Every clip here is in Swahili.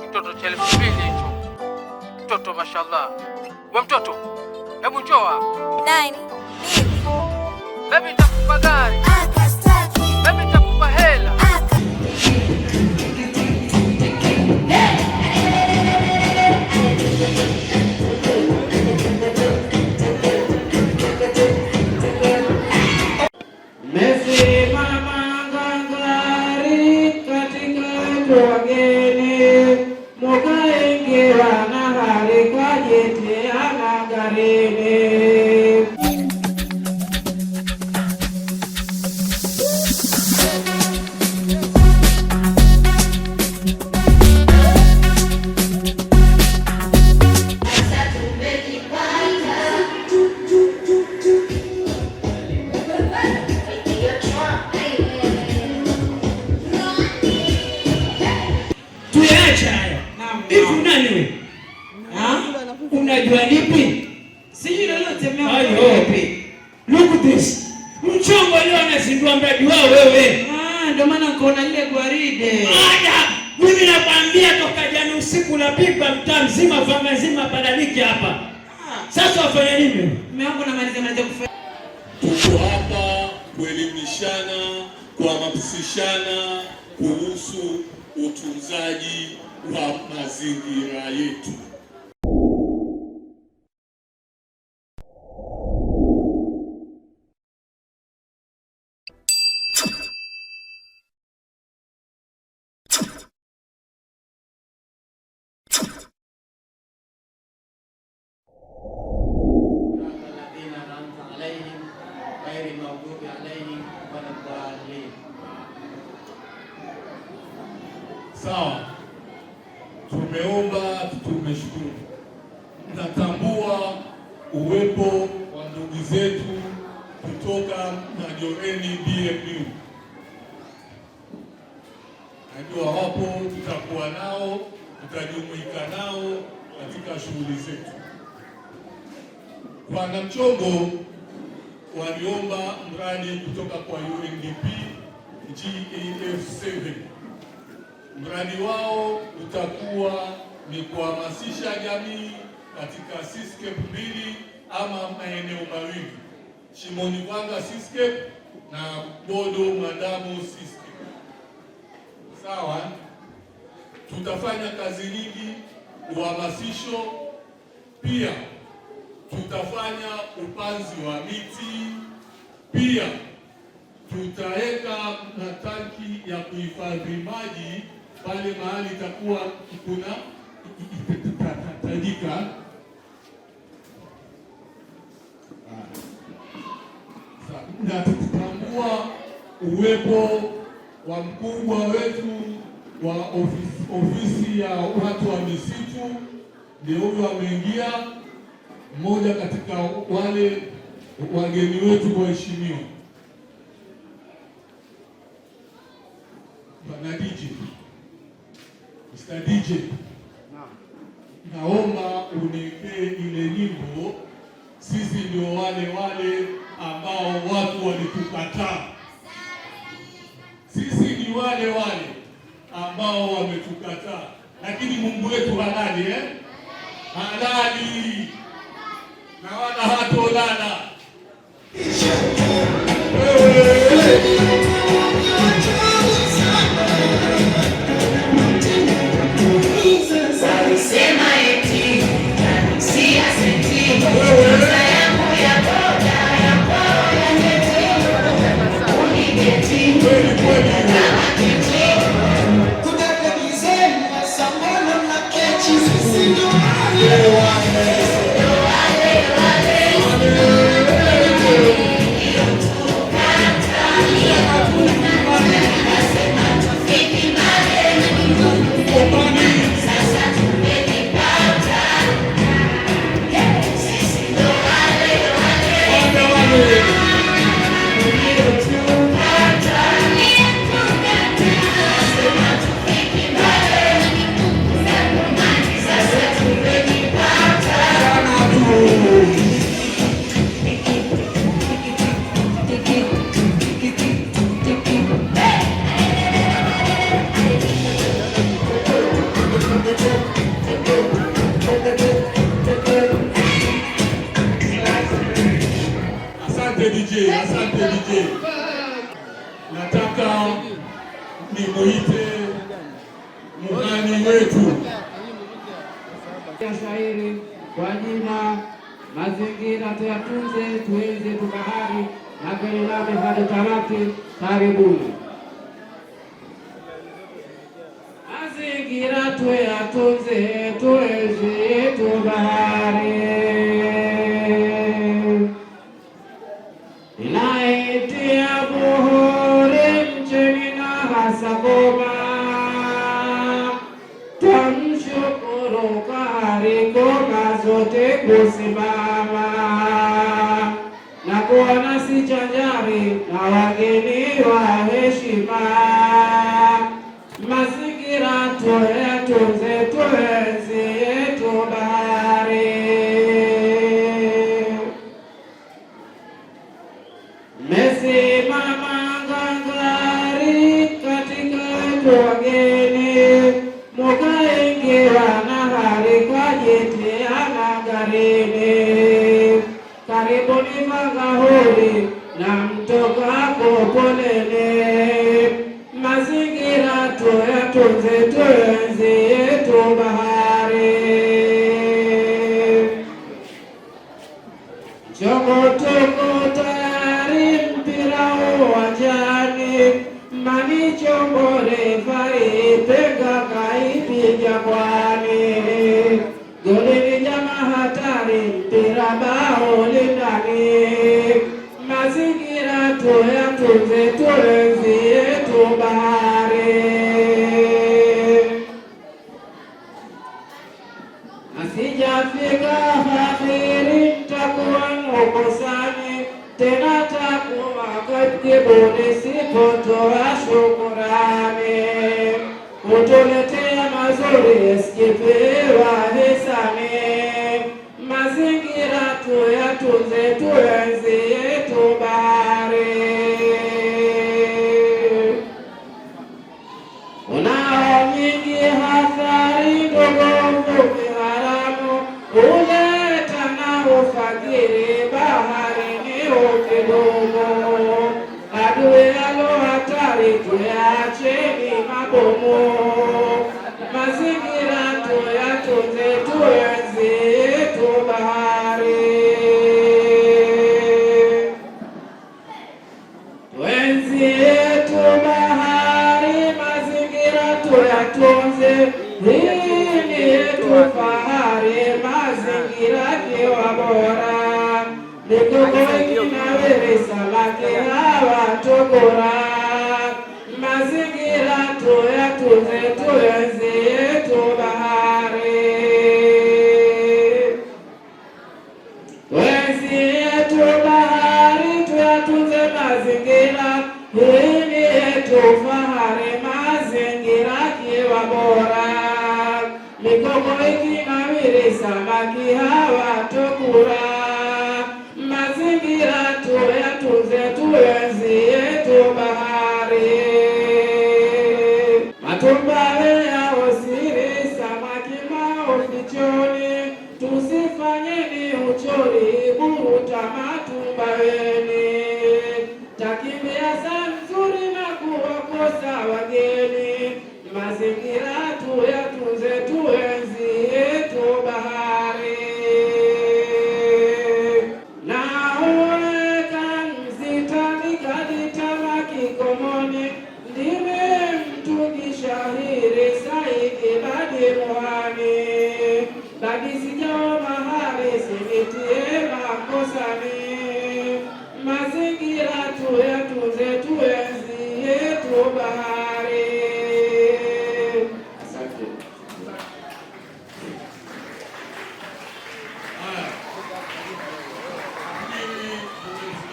Kitoto cha elfu mbili hicho mtoto, mashallah. We mtoto, hebu njoa nani baby, nitakupa gari Hare, Hare siku napigwa mtaa mzima vanga zima badaliki hapa. Sasa wafanya nini? Mume wangu namaliza maliza kufanya. Tuko hapa kuelimishana, kuhamasishana kuhusu utunzaji wa mazingira yetu. Sawa, tumeomba, tumeshukuru, natambua uwepo wa ndugu zetu kutoka Majoreni DMU, najua wapo, tutakuwa nao, tutajumuika nao katika shughuli zetu. Bwana Mchongo waliomba mradi kutoka kwa UNDP GAF7 Mradi wao utakuwa ni kuhamasisha jamii katika seascape mbili ama maeneo mawili, Shimonikwanga seascape na Bodo Mwandamu seascape. Sawa, tutafanya kazi nyingi uhamasisho, pia tutafanya upanzi wa miti, pia tutaweka matanki ya kuhifadhi maji pale mahali itakuwa kuna tajika na tutambua uwepo wa mkubwa wetu wa ofisi, ofisi ya watu wa misitu. Ndio huyo ameingia, mmoja katika wale wageni wetu waheshimiwa. Mr. DJ, naomba uniekee ile nyimbo. Sisi ndio wale wale ambao watu walitukataa, sisi ni wale wale ambao wametukataa, lakini Mungu wetu halali eh? halali na wala hatolala sema magangari katika kuongea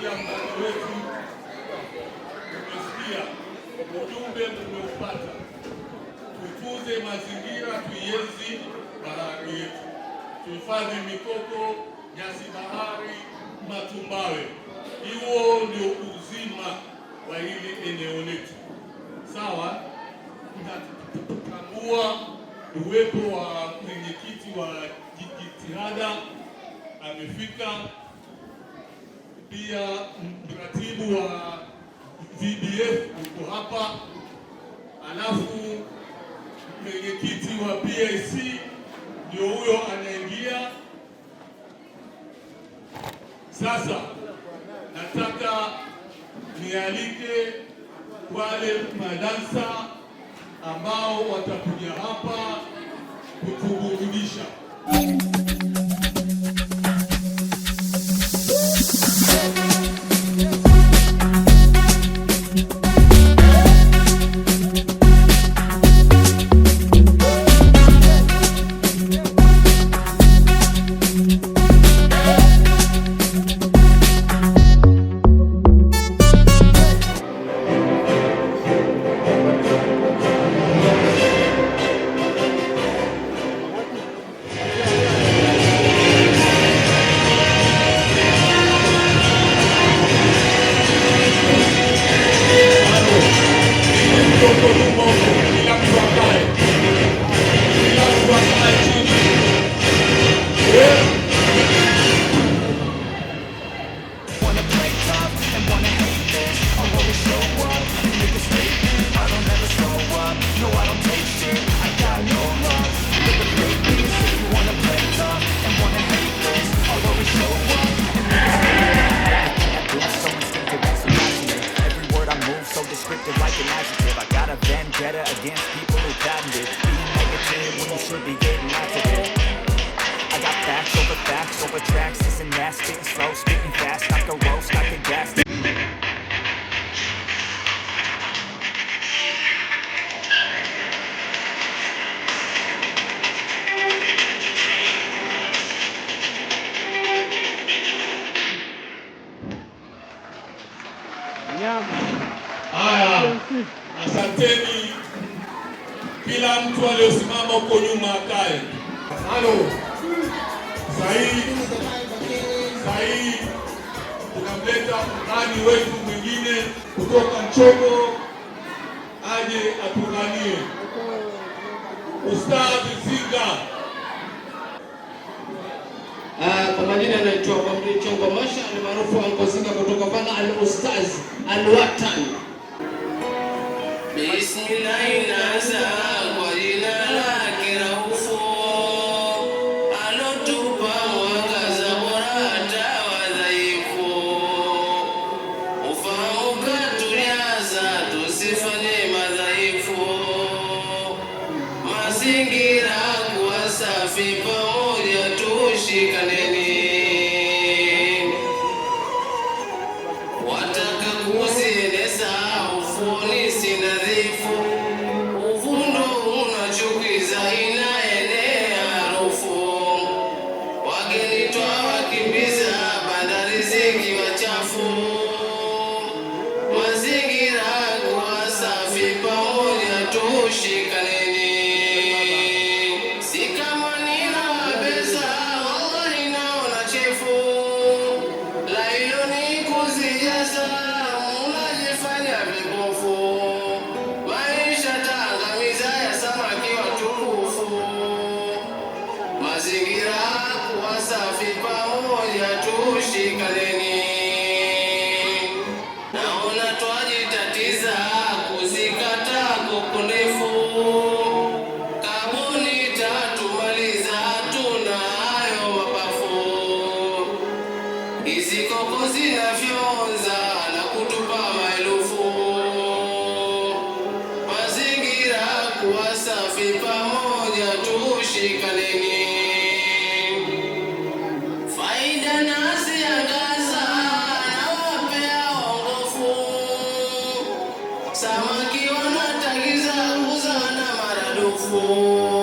ya mkazo wetu umesikia ujumbe, tumeupata Tutunze mazingira, tuienzi bahari yetu, tuhifadhi mikoko, nyasi bahari, matumbawe. Hiyo ndio uzima wa hili eneo letu, sawa. Tunatambua uwepo wa mwenyekiti wa jitihada amefika pia mratibu wa VBF yuko hapa, alafu mwenyekiti wa PIC ndio huyo anaingia sasa. Nataka nialike wale madansa ambao watakuja hapa kutuburudisha. vendetta against people who patented being negative when you should be getting after it. I got facts over facts over tracks, this and that, spitting slow, spitting fast, roast, gas. Asante. Ah, kila mtu aliyosimama huko nyuma akae. Halo, sahihi sahihi, tunamleta mgani wetu mwingine kutoka Mchogo aje atuganie Ustadhi Zinga. Uh, ah, kwa majina anaitwa kwa Chongo Masha ni almaarufu Ankozinga kutoka pana Al Ustaz Al Watan. bismillah Bismillahirrahmanirrahim. Lord.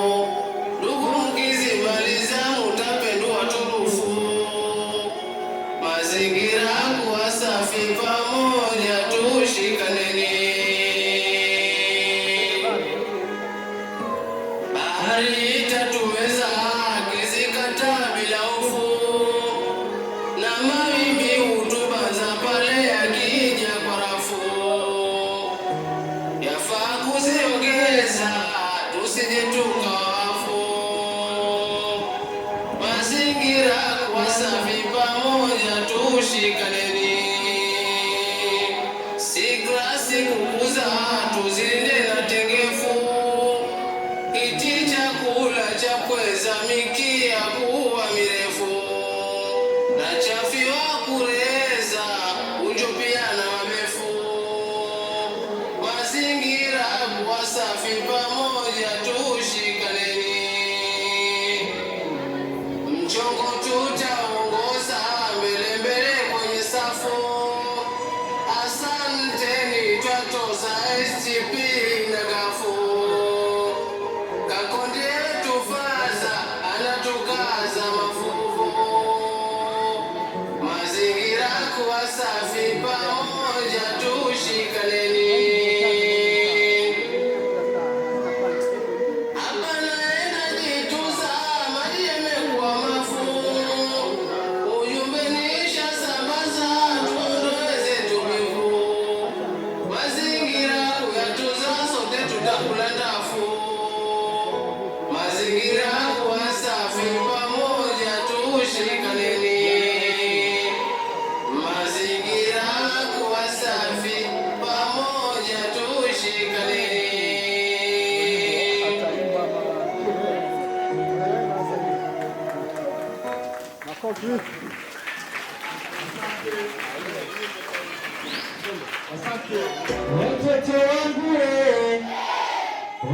Watoto wangu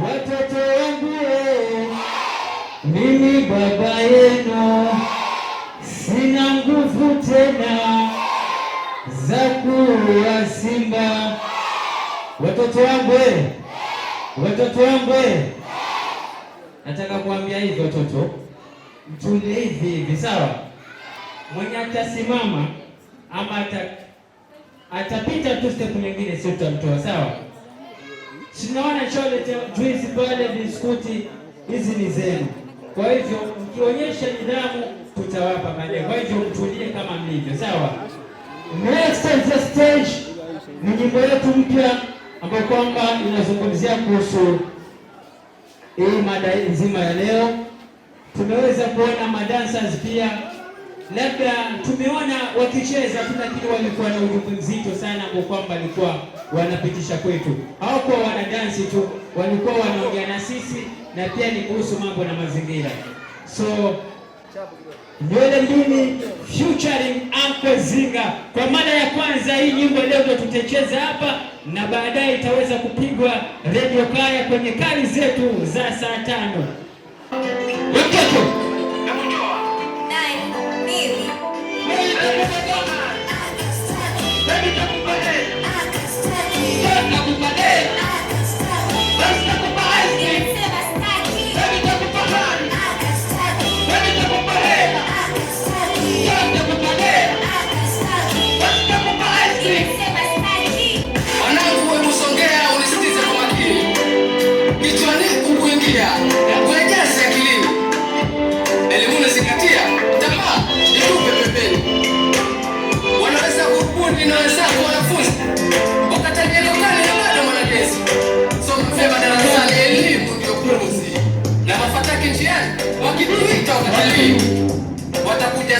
watoto wangu, mimi baba yenu sina nguvu tena za kuwasimba watoto wangu, watoto wangu, nataka kuambia hivi watoto, mtunde hivi hivi, sawa? Mwenye atasimama ama atapita tu step nyingine, si tutamtoa. Sawa, sinaona chole juice pale, biskuti hizi ni zenu. Kwa hivyo mkionyesha nidhamu, tutawapa baadaye. Kwa hivyo mtulie kama mlivyo, sawa. Next stage ni nyimbo yetu mpya ambayo kwamba inazungumzia kuhusu hii mada nzima ya leo. Tumeweza kuona madancers pia labda tumeona wakicheza tu, lakini walikuwa na ujumbe mzito sana, kwa kwamba walikuwa wanapitisha kwetu, hawakuwa wana dansi tu, walikuwa wanaongea na sisi, na pia ni kuhusu mambo na mazingira. So Nywele Nduni featuring Uncle Zinga, kwa mara ya kwanza hii nyimbo leo ndo tutacheza hapa na baadaye itaweza kupigwa Radio Kaya kwenye kari zetu za saa tano. Yeah.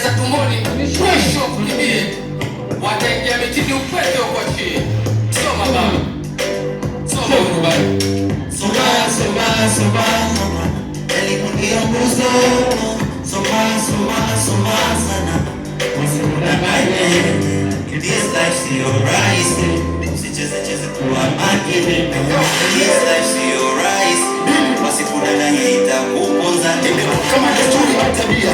za tumboni mwisho kukimbie, wataingia mitini uko ukochie. Soma baba, soma urubani, soma soma soma, elimu ndio nguzo. Soma soma soma sana, usikudanganye, this life sio rahisi, usicheze cheze, kuwa makini, this life sio rahisi, usikudanganye, itakuponza. Kama desturi ya tabia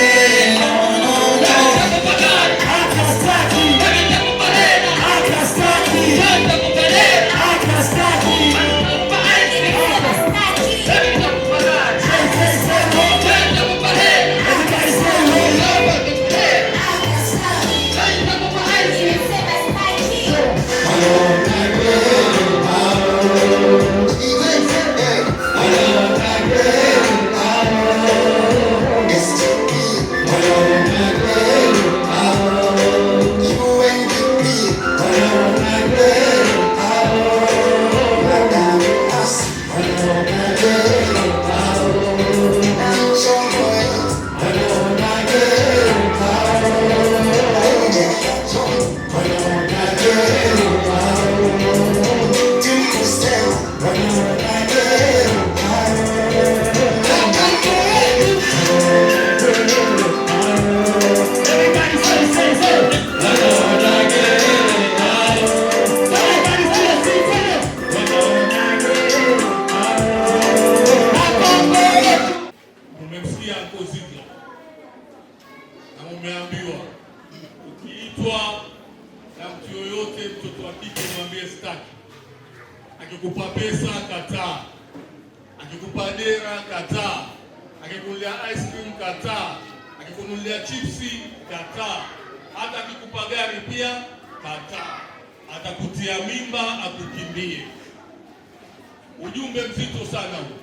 mzito sana huo,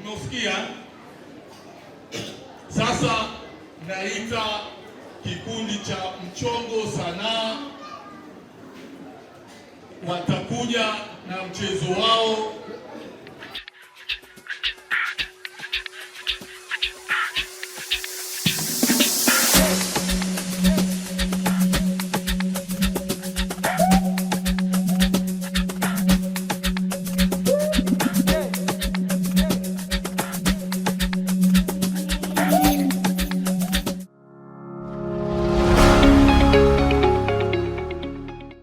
umeusikia? Sasa naita kikundi cha mchongo sanaa, watakuja na mchezo wao